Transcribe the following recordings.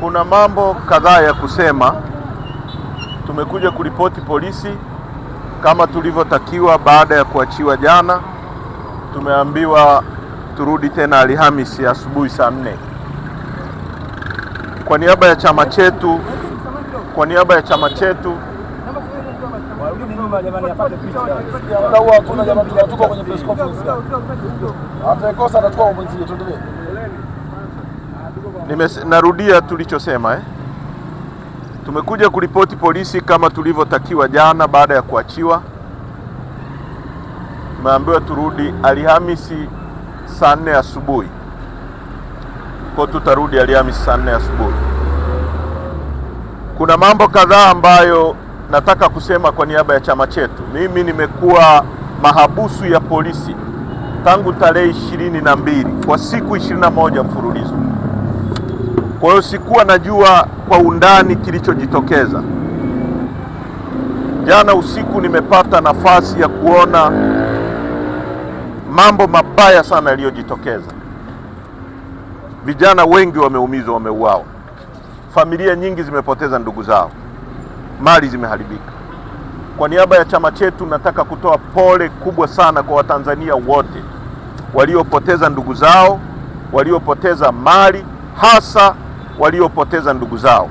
Kuna mambo kadhaa ya kusema. Tumekuja kuripoti polisi kama tulivyotakiwa. Baada ya kuachiwa jana, tumeambiwa turudi tena Alhamisi asubuhi saa nne. Kwa niaba ya chama chetu, kwa niaba ya chama chetu Nimes, narudia tulichosema eh. Tumekuja kuripoti polisi kama tulivyotakiwa jana baada ya kuachiwa. Tumeambiwa turudi Alhamisi saa nne asubuhi, kwa tutarudi Alhamisi saa nne asubuhi. Kuna mambo kadhaa ambayo nataka kusema kwa niaba ya chama chetu. Mimi nimekuwa mahabusu ya polisi tangu tarehe ishirini na mbili kwa siku ishirini na moja mfululizo. Kwa hiyo sikuwa najua kwa undani kilichojitokeza. Jana usiku nimepata nafasi ya kuona mambo mabaya sana yaliyojitokeza. Vijana wengi wameumizwa, wameuawa, familia nyingi zimepoteza ndugu zao, mali zimeharibika. Kwa niaba ya chama chetu nataka kutoa pole kubwa sana kwa Watanzania wote waliopoteza ndugu zao, waliopoteza mali hasa waliopoteza ndugu zao.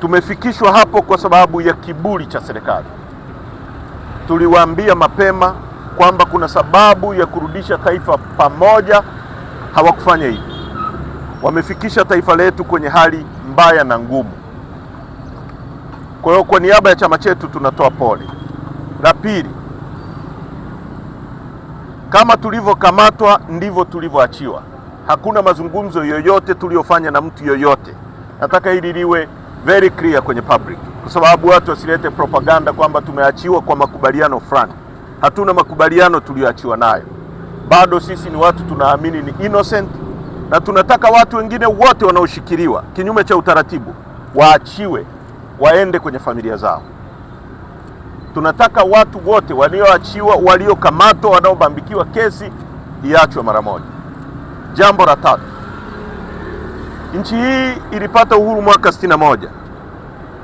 Tumefikishwa hapo kwa sababu ya kiburi cha serikali. Tuliwaambia mapema kwamba kuna sababu ya kurudisha taifa pamoja, hawakufanya hivyo. Wamefikisha taifa letu kwenye hali mbaya na ngumu. Kwa hiyo, kwa niaba ya chama chetu tunatoa pole. La pili, kama tulivyokamatwa ndivyo tulivyoachiwa hakuna mazungumzo yoyote tuliyofanya na mtu yoyote. Nataka hili liwe very clear kwenye public, kwa sababu watu wasilete propaganda kwamba tumeachiwa kwa makubaliano fulani. Hatuna makubaliano tuliyoachiwa nayo. Bado sisi ni watu tunaamini ni innocent, na tunataka watu wengine wote wanaoshikiliwa kinyume cha utaratibu waachiwe, waende kwenye familia zao. Tunataka watu wote walioachiwa, waliokamatwa, wanaobambikiwa kesi iachwe mara moja. Jambo la tatu, nchi hii ilipata uhuru mwaka sitini na moja.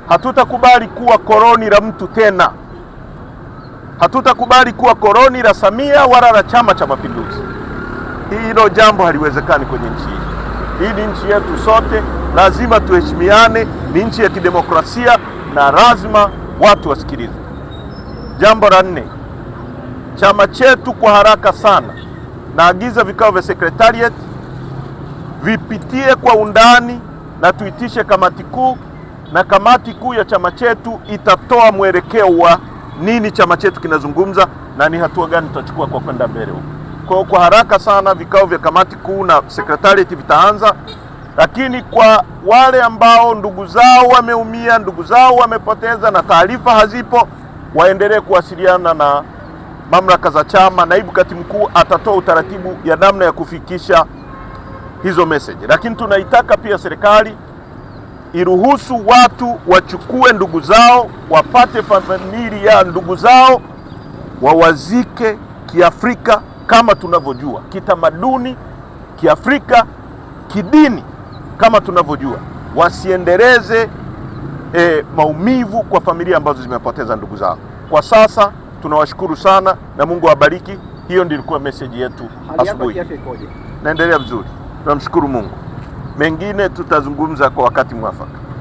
Hatutakubali kuwa koloni la mtu tena. Hatutakubali kuwa koloni la Samia wala la Chama cha Mapinduzi. Hilo jambo haliwezekani kwenye nchi hii. Hii ni nchi yetu sote, lazima tuheshimiane. Ni nchi ya kidemokrasia na lazima watu wasikilize. Jambo la nne, chama chetu kwa haraka sana naagiza vikao vya secretariat vipitie kwa undani na tuitishe kamati kuu, na kamati kuu ya chama chetu itatoa mwelekeo wa nini chama chetu kinazungumza na ni hatua gani tutachukua kwa kwenda mbele huko. Kwa hiyo kwa haraka sana vikao vya kamati kuu na secretariat vitaanza, lakini kwa wale ambao ndugu zao wameumia, ndugu zao wamepoteza na taarifa hazipo, waendelee kuwasiliana na mamlaka za chama, naibu katibu mkuu atatoa utaratibu ya namna ya kufikisha hizo message. Lakini tunaitaka pia serikali iruhusu watu wachukue ndugu zao, wapate familia ya ndugu zao, wawazike kiafrika kama tunavyojua, kitamaduni kiafrika, kidini kama tunavyojua, wasiendeleze eh, maumivu kwa familia ambazo zimepoteza ndugu zao kwa sasa tunawashukuru sana na Mungu awabariki. Hiyo ndio ilikuwa message yetu asubuhi. Naendelea vizuri, tunamshukuru Mungu. Mengine tutazungumza kwa wakati mwafaka.